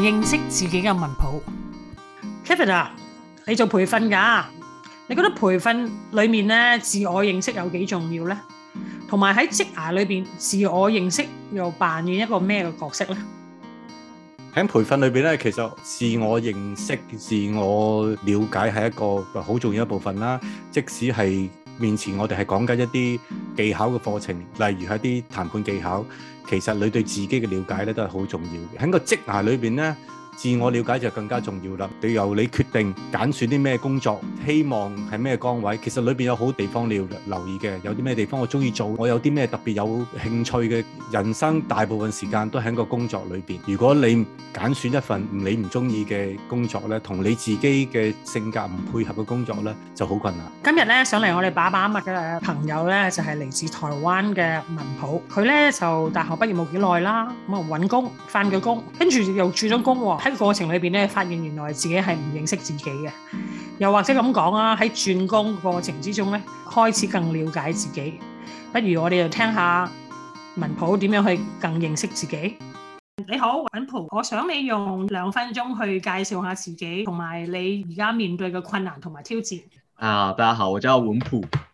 認識自己嘅文普，Kevin 啊，你做培訓噶，你覺得培訓裏面咧自我認識有幾重要咧？同埋喺職涯裏邊，自我認識又扮演一個咩嘅角色咧？喺培訓裏邊咧，其實自我認識、自我了解係一個好重要一部分啦。即使係面前，我哋係講緊一啲技巧嘅課程，例如係一啲談判技巧。其實你對自己嘅了解咧，都係好重要嘅。喺個職涯裏邊咧。自我了解就更加重要啦。由你決定揀選啲咩工作，希望係咩崗位。其實裏面有好地方你要留意嘅，有啲咩地方我中意做，我有啲咩特別有興趣嘅。人生大部分時間都喺個工作裏面。如果你揀選一份你唔中意嘅工作咧，同你自己嘅性格唔配合嘅工作咧，就好困難。今日咧，上嚟我哋把把脈嘅朋友咧，就係嚟自台灣嘅文普。佢咧就大學畢業冇幾耐啦，咁啊揾工翻嘅工，跟住又轉咗工喎。喺過程裏邊咧，發現原來自己係唔認識自己嘅，又或者咁講啊，喺轉工過程之中咧，開始更了解自己。不如我哋就聽下文普點樣去更認識自己。你好，文普，我想你用兩分鐘去介紹下自己，同埋你而家面對嘅困難同埋挑戰。啊，大家好，我叫文普。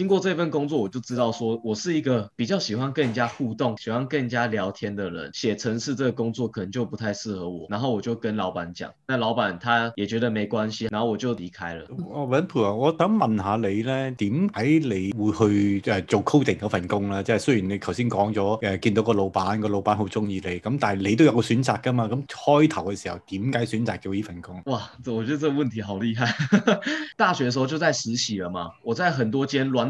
經過這份工作，我就知道說我是一個比較喜歡跟人家互動、喜歡跟人家聊天的人。寫程式這個工作可能就不太適合我，然後我就跟老闆講。那老闆他也覺得沒關係，然後我就離開了。阿文普，我想問下你咧，點解你會去誒、呃、做 coding 嗰份工咧？即係雖然你頭先講咗，誒、呃、見到個老闆，個老闆好中意你，咁但係你都有個選擇噶嘛？咁開頭嘅時候，點解選擇做呢一份工？哇，我覺得這個問題好厲害。 大學的時候就在實習了嘛，我在很多間軟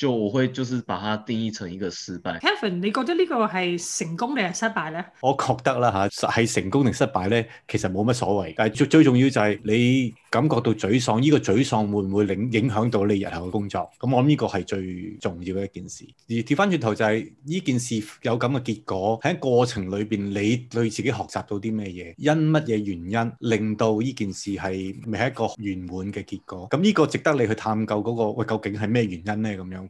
就我會就是把它定義成一個失敗。Kevin，你覺得呢個係成功定係失敗咧？我覺得啦吓，係成功定失敗咧，其實冇乜所謂。但最最重要就係你感覺到沮喪，呢、這個沮喪會唔會影影響到你日後嘅工作？咁、嗯、我諗呢個係最重要嘅一件事。而調翻轉頭就係、是、呢件事有咁嘅結果，喺過程裏邊你對自己學習到啲咩嘢？因乜嘢原因令到呢件事係未係一個圓滿嘅結果？咁、嗯、呢、這個值得你去探究嗰、那個喂究竟係咩原因咧？咁樣。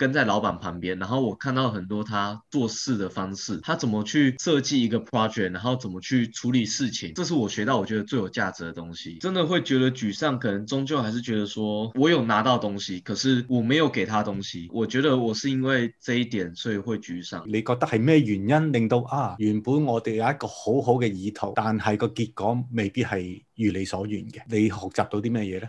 跟在老闆旁邊，然後我看到很多他做事的方式，他怎麼去設計一個 project，然後怎麼去處理事情，這是我學到我覺得最有價值的東西。真的會覺得沮喪，可能終究還是覺得說我有拿到東西，可是我沒有給他東西。我覺得我是因為這一點所以會沮喪。你覺得係咩原因令到啊？原本我哋有一個好好嘅意圖，但係個結果未必係如你所願嘅。你學習到啲咩嘢呢？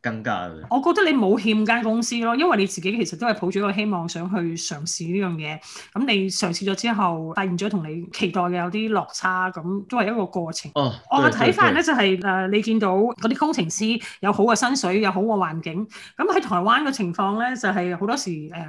更加，我覺得你冇欠間公司咯，因為你自己其實都係抱住一個希望，想去嘗試呢樣嘢。咁你嘗試咗之後，發現咗同你期待嘅有啲落差，咁都係一個過程。哦、oh，我嘅睇法咧就係、是、誒、呃，你見到嗰啲工程師有好嘅薪水，有好嘅環境。咁喺台灣嘅情況咧，就係、是、好多時誒，呃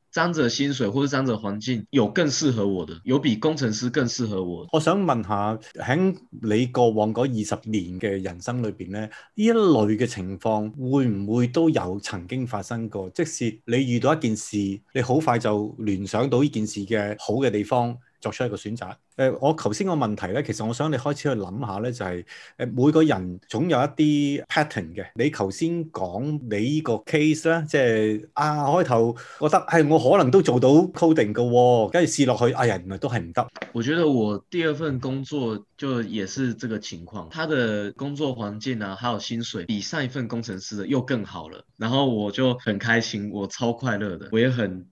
張者薪水或者張者環境有更適合我的，有比工程師更適合我的。我想問下，喺你過往嗰二十年嘅人生裏面呢，呢一類嘅情況會唔會都有曾經發生過？即使你遇到一件事，你好快就聯想到呢件事嘅好嘅地方，作出一個選擇。誒、呃，我頭先個問題咧，其實我想你開始去諗下咧，就係、是、誒、呃、每個人總有一啲 pattern 嘅。你頭先講你呢個 case 啦，即、就、係、是、啊開頭覺得係、哎、我可能都做到 coding 嘅、哦，跟住試落去，哎呀原來都係唔得。我覺得我第二份工作就也是這個情況，他的工作環境啊，還有薪水比上一份工程師又更好了，然後我就很開心，我超快樂的，我也很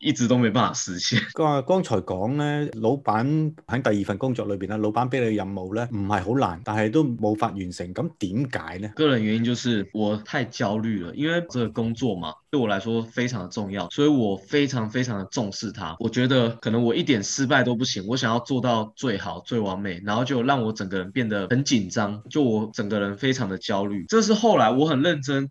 一直都沒辦法實現。咁剛才講呢，老闆喺第二份工作裏邊，老闆俾你的任務呢，唔係好難，但是都冇法完成。咁點解呢？個人原因就是我太焦慮了，因為這個工作嘛，對我來說非常的重要，所以我非常非常的重視它。我覺得可能我一點失敗都不行，我想要做到最好，最完美，然後就讓我整個人變得很緊張，就我整個人非常的焦慮。這是後來我很認真。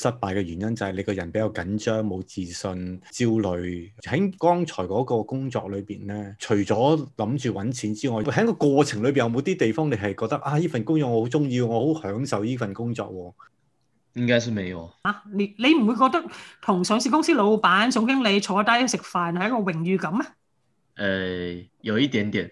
失敗嘅原因就係你個人比較緊張、冇自信、焦慮。喺剛才嗰個工作裏邊咧，除咗諗住搵錢之外，喺個過程裏邊有冇啲地方你係覺得啊，呢份工作我好中意，我好享受呢份工作？應該是冇啊。你你唔會覺得同上市公司老闆、總經理坐低食飯係一個榮譽感嗎？誒、呃，有一點點。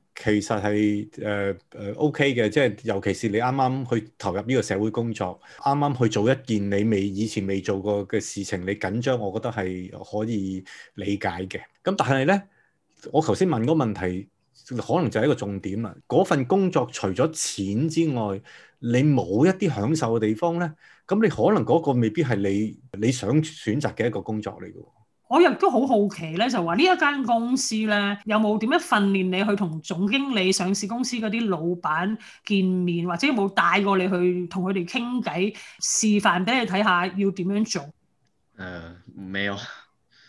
其實係誒誒 OK 嘅，即係尤其是你啱啱去投入呢個社會工作，啱啱去做一件你未以前未做過嘅事情，你緊張，我覺得係可以理解嘅。咁但係咧，我頭先問個問題，可能就係一個重點喇。嗰份工作除咗錢之外，你冇一啲享受嘅地方咧，咁你可能嗰個未必係你你想選擇嘅一個工作嚟㗎。我亦都好好奇咧，就話呢一間公司咧，有冇點樣訓練你去同總經理、上市公司嗰啲老闆見面，或者有冇帶過你去同佢哋傾偈，示範俾你睇下要點樣做？誒、呃，冇啊！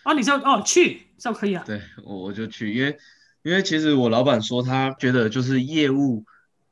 我哋就哦，去就可以啊！對，我我就去，因為因為其實我老闆說，他覺得就是業務。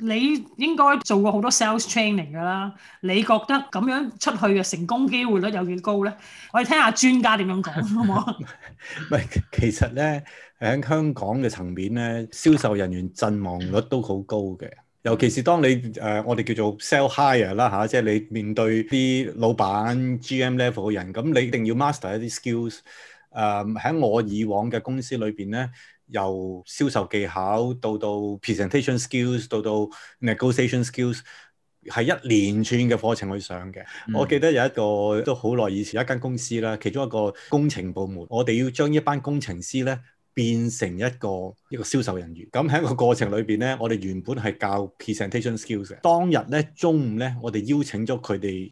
你應該做過好多 sales training 㗎啦，你覺得咁樣出去嘅成功機會率有幾高咧？我哋聽下專家點樣講，好唔好啊？唔係，其實咧喺香港嘅層面咧，銷售人員陣亡率都好高嘅，尤其是當你誒我哋叫做 sell higher 啦嚇，即係你面對啲老闆 GM level 嘅人，咁你一定要 master 一啲 skills。誒喺我以往嘅公司裏邊咧。由銷售技巧到到 presentation skills，到到 negotiation skills，係一連串嘅課程去上嘅。嗯。我記得有一個都好耐以前一間公司啦，其中一個工程部門，我哋要將一班工程師咧變成一個一個銷售人員。咁喺個過程裏面咧，我哋原本係教 presentation skills 嘅。當日咧中午咧，我哋邀請咗佢哋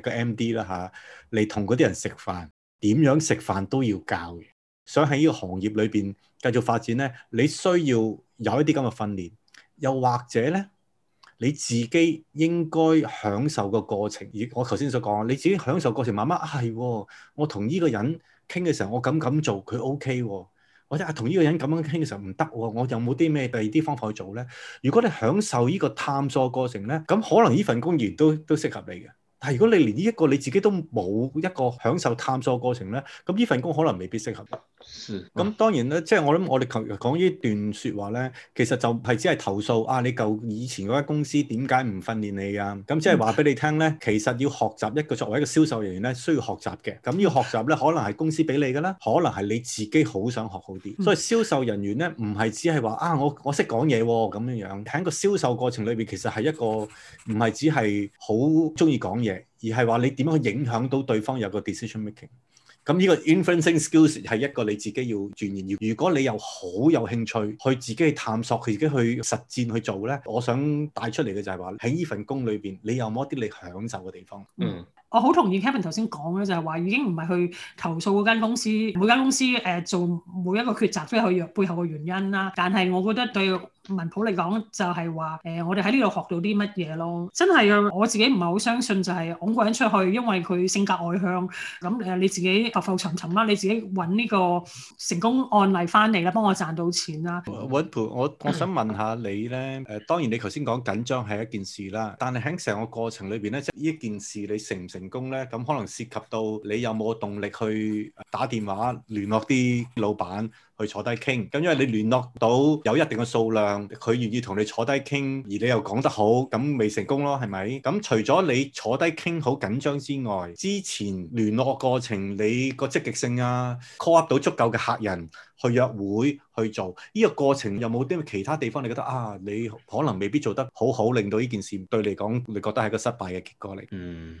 個 M D 啦嚇，嚟同嗰啲人食飯，點樣食飯都要教嘅。想喺呢個行業裏面，繼續發展咧，你需要有一啲咁嘅訓練，又或者咧，你自己應該享受個過程。而我頭先所講，你自己享受過程，慢慢係。我同呢個人傾嘅時候，我咁咁做佢 OK 喎。或者啊，同呢個人咁樣傾嘅時候唔得喎。我有冇啲咩第二啲方法去做咧？如果你享受呢個探索過程咧，咁可能呢份工而都都適合你嘅。但如果你連呢一個你自己都冇一個享受探索過程咧，咁呢份工可能未必適合。是。咁當然咧，即、嗯、係、就是、我諗我哋琴日講呢段説話咧，其實就係只係投訴啊！你舊以前嗰間公司點解唔訓練你啊？咁即係話俾你聽咧、嗯，其實要學習一個作為一個銷售人員咧，需要學習嘅。咁要學習咧，可能係公司俾你嘅啦，可能係你自己好想學好啲、嗯。所以銷售人員咧，唔係只係話啊，我我識講嘢咁樣樣。喺個銷售過程裏邊，其實係一個唔係只係好中意講嘢。而係話你點樣去影響到對方有個 decision making，咁呢個 influencing skills 係一個你自己要鍛鍊。要如果你有好有興趣去自己去探索，自己去實踐去做咧，我想帶出嚟嘅就係話喺呢份工裏邊，你有冇一啲你享受嘅地方？嗯，我好同意 Kevin 頭先講嘅，就係話已經唔係去投訴嗰間公司，每間公司誒、呃、做每一個抉擇，即係佢背後嘅原因啦。但係我覺得對。文普嚟講就係話、呃、我哋喺呢度學到啲乜嘢咯？真係啊，我自己唔係好相信就係我個人出去，因為佢性格外向。咁你自己浮浮沉沉啦，你自己揾呢個成功案例翻嚟啦，幫我賺到錢啦。文普，我我想問下你咧誒，當然你頭先講緊張係一件事啦，但係喺成個過程裏面咧，即係呢一件事你成唔成功咧，咁可能涉及到你有冇動力去打電話聯絡啲老闆去坐低傾。咁因為你聯絡到有一定嘅數量。佢願意同你坐低傾，而你又講得好，咁未成功咯，係咪？咁除咗你坐低傾好緊張之外，之前聯絡過程你個積極性啊，call up 到足夠嘅客人去約會去做，呢個過程有冇啲其他地方你覺得啊，你可能未必做得好好，令到呢件事對你講，你覺得係個失敗嘅結果嚟？嗯。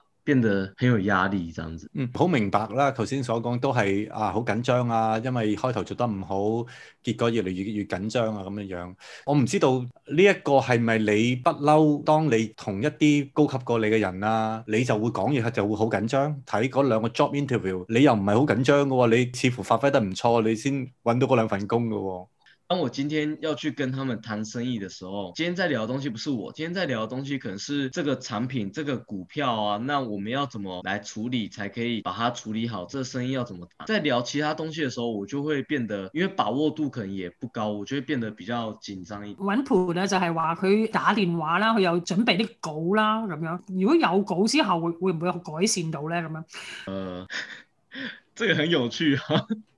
變得很有壓力，這樣子，嗯，好明白啦。頭先所講都係啊，好緊張啊，因為開頭做得唔好，結果越嚟越越緊張啊，咁樣樣。我唔知道呢一個係咪你不嬲，當你同一啲高級過你嘅人啊，你就會講嘢，就會好緊張。睇嗰兩個 job interview，你又唔係好緊張㗎喎，你似乎發揮得唔錯，你先揾到嗰兩份工㗎喎，啊。當我今天要去跟他們談生意的時候，今天在聊的東西不是我，今天在聊的東西可能是這個產品、這個股票啊。那我們要怎麼來處理，才可以把它處理好？這個生意要怎麼談？在聊其他東西的時候，我就會變得，因為把握度可能也不高，我就會變得比較緊張一點。穩陣呢，就係話佢打電話啦，佢有準備啲稿啦咁樣。如果有稿之後，會會唔會有改善到呢？咁樣？呃，這個很有趣哈、啊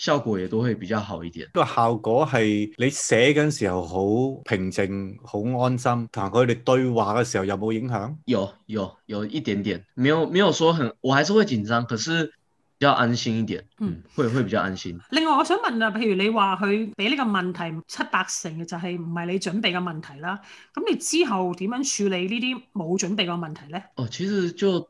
效果也都會比較好一點。不過效果係你寫緊時候好平靜、好安心，同佢哋對話嘅時候有冇影響？有有有一點點，沒有沒有說很，我還是會緊張，可是比較安心一點。嗯，嗯會會比較安心。另外，我想問啊，譬如你話佢俾呢個問題七八成嘅，就係唔係你準備嘅問題啦？咁你之後點樣處理呢啲冇準備嘅問題咧？哦，其實就。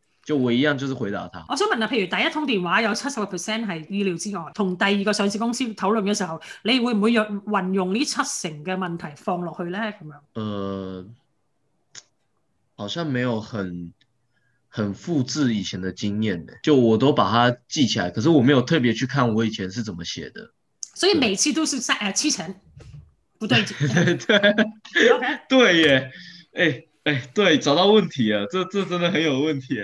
就我一樣，就是回答他。我想問下、啊，譬如第一通電話有七十個 percent 係意料之外，同第二個上市公司討論嘅時候，你會唔會運用運用呢七成嘅問題放落去呢？咁樣？誒，好像沒有很很複製以前的經驗嘅，就我都把它記起來，可是我沒有特別去看我以前是怎麼寫的，所以每次都是三誒七成不對勁，對，呃、對， 對，Okay. 對耶，誒、欸，誒、欸，對，找到問題啊，這這真的很有問題。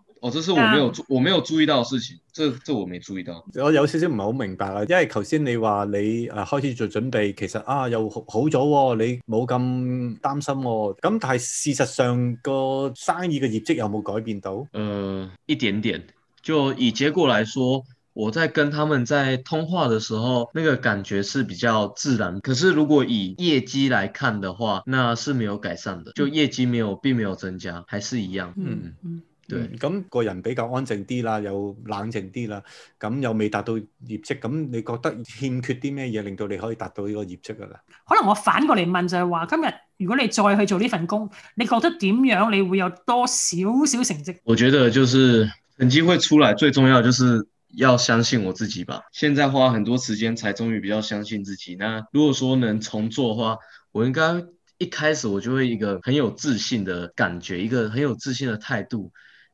哦，這是我沒有注、啊，我沒有注意到的事情，這這我沒注意到。我有些少唔係好明白啊，因為頭先你話你誒開始做準備，其實啊又好好咗喎，你冇咁擔心喎。咁但係事實上個生意嘅業績有冇改變到？呃，一點點。就以結果來說，我在跟他們在通話的時候，那個感覺是比較自然。可是如果以業績來看的話，那是沒有改善的，就業績沒有，並沒有增加，還是一樣。嗯嗯。咁、嗯，那個人比較安靜啲啦，又冷靜啲啦，咁又未達到業績，咁你覺得欠缺啲咩嘢令到你可以達到呢個業績噶喇？可能我反過嚟問就係話，今日如果你再去做呢份工，你覺得點樣？你會有多少少成績？我覺得就是成績會出來，最重要就是要相信我自己吧。現在花很多時間，才終於比較相信自己。那如果說能重做嘅話，我應該一開始我就會一個很有自信的感覺，一個很有自信的態度。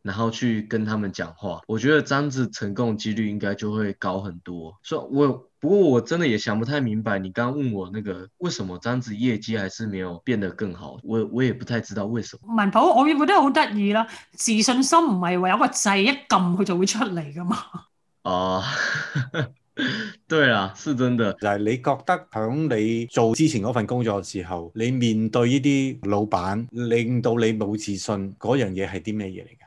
然後去跟他們講話，我覺得這樣子成功幾率應該就會高很多。所以我不過我真的也想不太明白，你剛剛問我那個為什麼這樣子業績還是沒有變得更好，我我也不太知道為什麼。文普我我覺得好得意啦，自信心唔係話有個掣一撳佢就會出嚟噶嘛。哦、uh, 對啦，是真的。就是、你覺得響你做之前嗰份工作嘅時候，你面對呢啲老闆令到你冇自信嗰樣嘢係啲咩嘢嚟噶？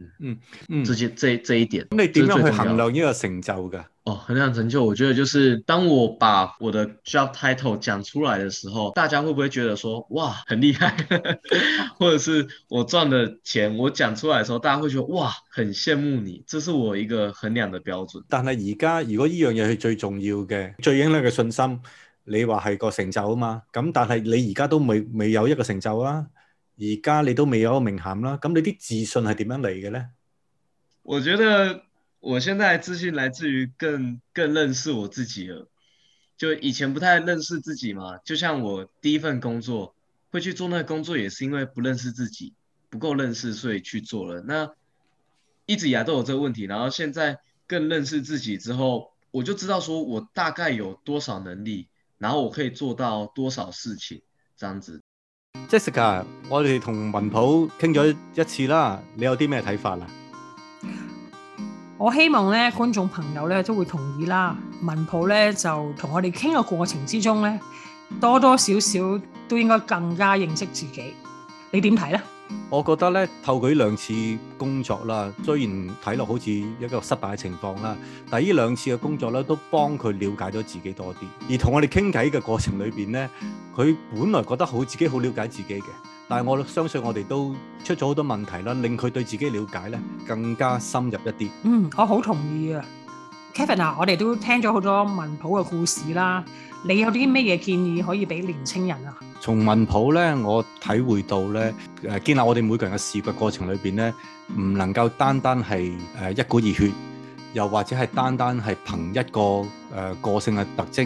嗯嗯，嗯，直接這些這這一點，你點樣去衡量呢個成就噶？哦，衡量成就，我覺得就是當我把我的 job title 講出來的時候，大家會不會覺得說，哇，很厲害？ 或者是我賺的錢，我講出來的時候，大家會覺得，哇，很羨慕你，這是我一個衡量的標準。但係而家如果呢樣嘢係最重要嘅、最影響你嘅信心，你話係個成就啊嘛？咁但係你而家都未未有一個成就啊？而家你都未有一個名銜啦，咁你啲自信係點樣嚟嘅呢？我覺得我現在自信來自於更更認識我自己啦。就以前不太認識自己嘛，就像我第一份工作會去做那個工作，也是因為不認識自己，不夠認識，所以去做了。那一直以來都有這個問題，然後現在更認識自己之後，我就知道說我大概有多少能力，然後我可以做到多少事情，這樣子。Jessica，我哋同文普傾咗一次啦，你有啲咩睇法啦？我希望咧，觀眾朋友咧都會同意啦。文普咧就同我哋傾嘅過程之中咧，多多少少都應該更加認識自己。你點睇咧？我覺得咧，透過呢兩次工作啦，雖然睇落好似一個失敗嘅情況啦，但係呢兩次嘅工作咧，都幫佢了解咗自己多啲。而同我哋傾偈嘅過程裏邊咧，佢本來覺得好自己好了解自己嘅，但係我相信我哋都出咗好多問題啦，令佢對自己了解咧更加深入一啲。嗯，我好同意啊，Kevin 啊，我哋都聽咗好多文普嘅故事啦。你有啲咩嘢建議可以俾年青人啊？從文普咧，我體會到咧，誒建立我哋每個人嘅事業過程裏邊咧，唔能夠單單係誒一股熱血，又或者係單單係憑一個誒、呃、個性嘅特徵，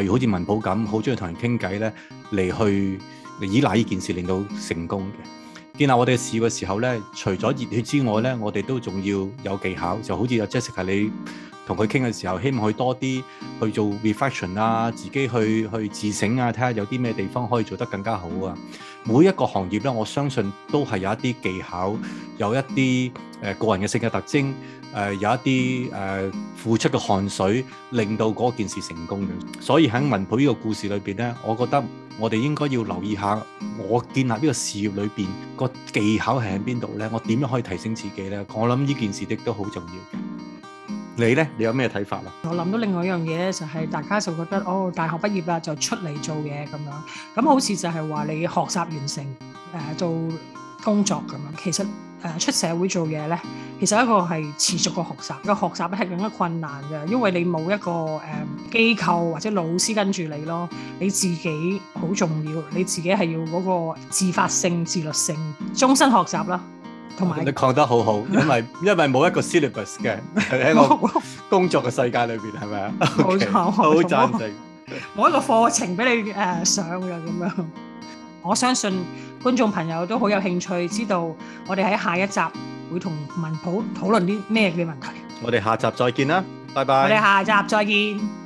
例如好似文普咁好中意同人傾偈咧，嚟去依賴呢件事令到成功嘅。建立我哋事業嘅時候咧，除咗熱血之外咧，我哋都仲要有技巧，就好似阿 Jessica 你。同佢傾嘅時候，希望佢多啲去做 reflection 啊，自己去去自省啊，睇下有啲咩地方可以做得更加好啊。每一個行業咧，我相信都係有一啲技巧，有一啲誒、呃、個人嘅性格特徵，呃、有一啲、呃、付出嘅汗水，令到嗰件事成功嘅。所以喺文普呢個故事裏面咧，我覺得我哋應該要留意下，我建立呢個事業裏邊，個技巧係喺邊度咧？我點樣可以提升自己咧？我諗呢件事的都好重要。你呢，你有咩睇法啊？我諗到另外一樣嘢咧，就係大家就覺得哦，大學畢業啦就出嚟做嘢咁樣，咁好似就係話你學習完成誒做工作咁樣。其實誒出社會做嘢呢，其實一個係持續個學習，個學習咧係更加困難嘅，因為你冇一個誒機構或者老師跟住你咯，你自己好重要，你自己係要嗰個自發性、自律性、終身學習啦。同埋你講得好好，因為因為冇一個 syllabus 嘅喺我工作嘅世界裏邊，係咪啊？冇錯，好贊成。冇一個課程俾你誒上㗎咁樣。我相信觀眾朋友都好有興趣，知道我哋喺下一集會同文普討論啲咩嘅問題。我哋下集再見啦，拜拜。我哋下集再見。